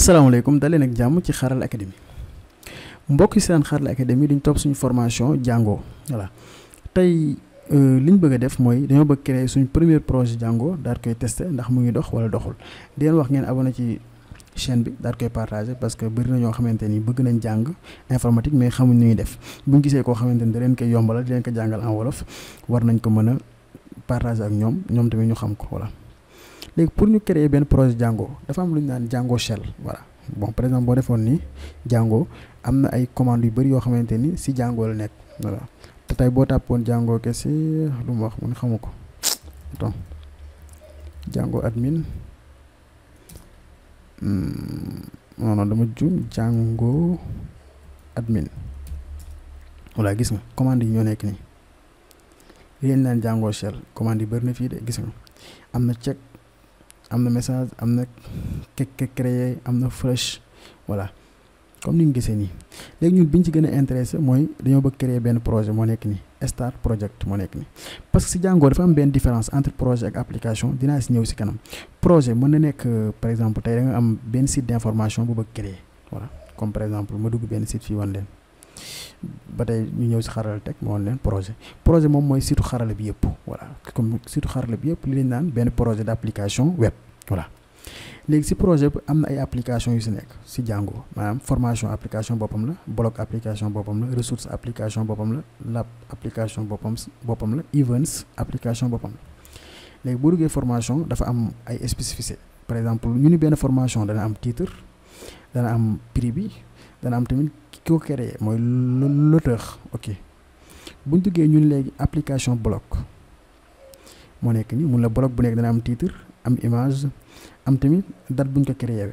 salaamaaleykum daleen ak jàmm ci xarala académie mbokk yi seen xarala académie duñ topp suñu formation Django voilà tey euh, li ñu bëgg def mooy dañoo bëgg créer suñu premier projet Django daal koy tester ndax mu ngi dox wala doxul di wax ngeen abonné ci chaîne bi daal koy partager parce que bëri na ñoo xamante ni bëgg nañ jàng informatique mais xamuñ nu ngi def buñ gisee koo xamante ni da leen koy yombalal di leen ko jàngal en wolof war nañ ko mën a partager ak ñoom ñoom tamit ñu xam ko voilà. léegi pour ñu créer benn projet Django dafa am lu ñu Django Shell voilà bon par exemple boo defoon ni Django amna na ay commande yu bëri yoo xamante si Django la nekk voilà te tey boo tàppoon Django kese lu mu wax mun xamu donc Django admin hmm, non non dama juum Django admin wala gis nga commande yi ñoo nekk nii li leen Django Shell commande yi bëri na fii de gis nga check am na message am na kek créé am na fresh voilà comme ni ñu gisee nii léegi ñun biñ ci gëna a intéressé mooy dañoo bëgg créer ben projet mo nekk ni. Star Project mo nekk ni. parce que si Django dafa am ben différence entre projet ak application dina ci ñëw ci kanam projet mën na nekk euh, par exemple tay da nga am ben site d'information bu bëgg créer voilà comme par exemple ma dugg ben site fi wan leen ba tey ñu ñëw si xarala tech moo leen projet projet moom mooy surtout xarala bi yëpp voilà comme surtout xarala bi yëpp li leen naan benn projet d' application web voilà. léegi si projet bi am na ay application yu si nekk si Django maanaam formation application boppam la blog application boppam la ressource application boppam la lab application boppam boppam la events application boppam la léegi duggee formation dafa am ay spécificité par exemple ñu ni benn formation dana am titre dana am prix bi dana am tamit ki ko créé mooy l'auteur ok bu ñu duggee ñun application blog Mon nekk mon mun la blog bu nekk dana am titre am image am tamit date bu ñu ko créé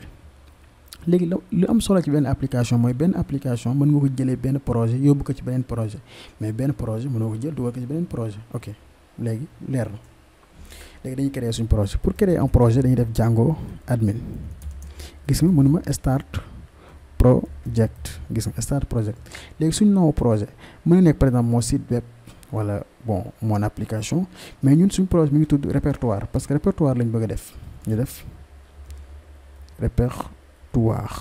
léegi lu am solo ci benn application mooy ben application mën nga ko jëlee ben projet yóbbu ko ci beneen projet mais ben projet mon ko jël dugal ko ci projet ok les. leer na léegi dañuy créer un projet pour créer un projet dañuy def Django admin gis nga mënuma start project gis nga start project léegi suñu noo projet mën na nekk par exemple mon site web voilà bon mon application mais ñun suñu projet mi ngi répertoire parce que répertoire lañ bëgg a def ñu def répertoire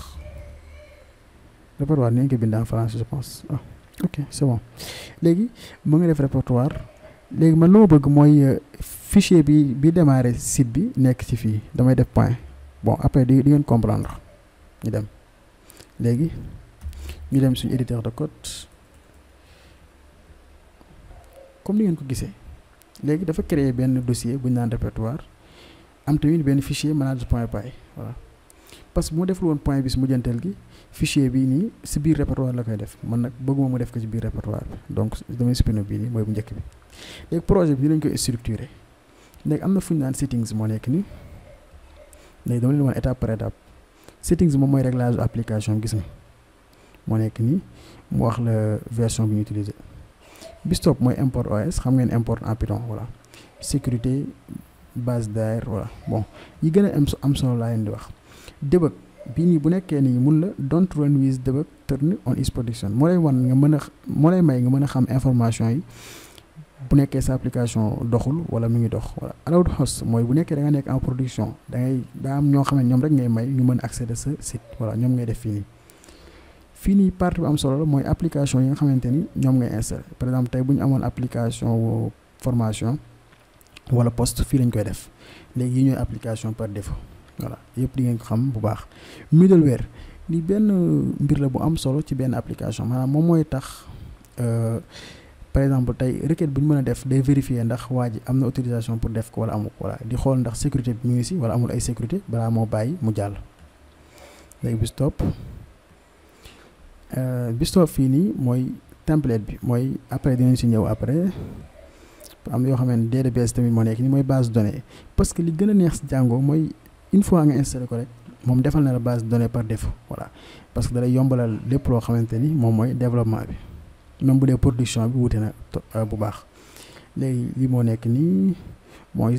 répertoire ni ngi bind en français je pense ah ok c'est bon léegi mon nga def répertoire léegi man loo bëgg mooy euh, fichier bi bi démarré site bi nekk ci fii damay def point bon après di di ngeen comprendre ñu dem. léegi ñu dem suñu éditeur de code comme ni ngeen ko gisee léegi dafa créer benn dossier bu ñu naan répertoire am tamit benn fichier manage point py voilà parce que bu ma deful woon point bi si mujjanteel gi fichier bii nii si biir répertoire la koy def man nag bëgguma mu def ko ci biir répertoire bi donc damay supprimer bii nii mooy bu njëkk bi léegi projet bi dinañ koy structurer léegi am na fu ñu naan settings moo nekk nii léegi dama leen wan étape par étape. settings moom réglages réglage application gis nga mo nekk ni mu wax la version bi ñu utilisé bis topp import OS xam ngeen import en Python voilà sécurité base d'air voilà bon yi gëna a am solo la leen di wax debug bi ni bu nekkee ni mun la don't run with debug turn on is production. moo lay wan nga mën a moo lay may nga mën a xam information yi bu nekkee sa application doxul wala mu ngi dox wala allowed host mooy bu nekkee da nga nekk en production da ngay daa am ñoo xam ne ñoom rek ngay may ñu mën accéder sa site voilà ñoom ngay def fii nii fii nii partie bu am solo la mooy application yi nga xamante ni ñoom ngay installé par exemple tey bu ñu amoon application formation wala poste fii lañ koy def léegi yi ñooy application par défaut voilà yëpp di ngeen ko xam bu baax middleware li benn mbir la bu am solo ci benn application maanaam moom mooy tax euh, par exemple tey requête bu ñu def vérifier ndax waa ji autorisation pour def ko wala amu ko sécurité bi ngi wala amul ay sécurité balaa moo bàyyi mu jàll léegi bis euh, template après dinañ si ñëw après am na yoo base données parce que li gën neex Django mooy une fois nga installé ko rek la base données par défaut voilà parce que lay yombalal lépp loo xamante ni développement nombre de production bi wute na euh, bu baax li moi nek ni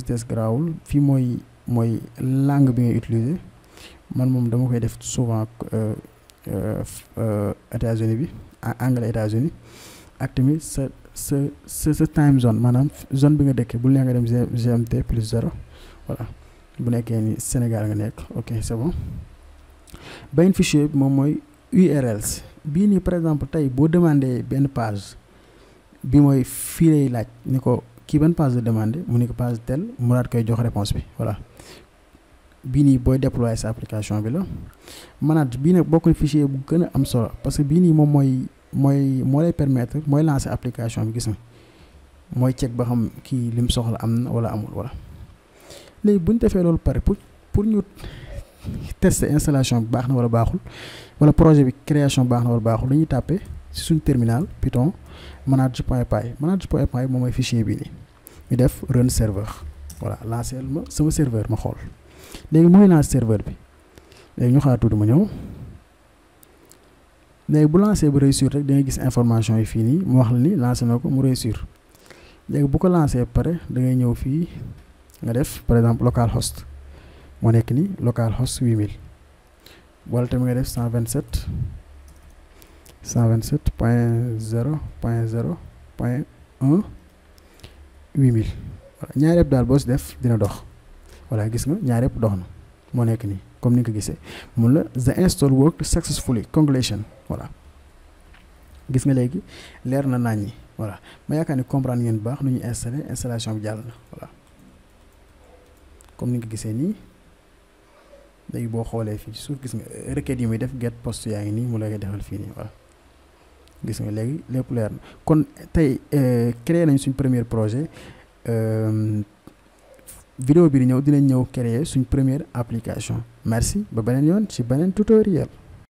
des moi langue bi utilisé man mom dama koy def souvent euh, euh, États-Unis bi anglais États-Unis ak tamit ce, ce, time zone un zone bi nga dekk bu nga dem plus zéro voilà bu suis ni Sénégal nga ok c'est bon ben fichier mom URLs bii nii par exemple tey boo demandé benn page bi mooy fii lay laaj ni ko kii ban page de demandé mu ni ko page tel mu koy jox réponse bi voilà bii nii booy déployer sa application bi la maanaat bii nag bokk na fichier bu gën a am solo parce que bii nii moom mooy mooy moo lay permettre mooy lancer application bi gis na mooy check ba xam kii lim soxla am na wala amul wala léegi bu defee loolu pare pour pour ñu. test installation l'installation le projet bi création de wala dañuy terminal python manage.py manage.py fichier run serveur voilà lancer ma serveur ma serveur bi légui ñu xaar ma bu réussir rek gis information yi fini mu ni mu réussir par exemple localhost moo nekk ni localhost 8000 wala tamit nga def vingt 127 point 0 point 0 point 1 8000 ñaar yëpp daal boo ci def dina dox voilà gis nga ñaar dox na moo nekk nii comme ni nga ko gisee mun la the install worked successfully congratulations voilà gis nga léegi leer na naañ ñi voilà ma yaakaar ni comprendre ngeen baax nu ñuy installé installation bi jàll na voilà comme ni nga ko gisee nii léegi boo xoolee fii ci suuf gis nga euh, requêtes yi muy def get post yaa ngi nii mu la koy defal fii nii voilà gis nga léegi lépp leer na kon tey euh, créer nañ suñ première projet euh, vidéo bi di ñëw dinañ ñëw créer suñ première application merci ba beneen yoon ci beneen tutoriel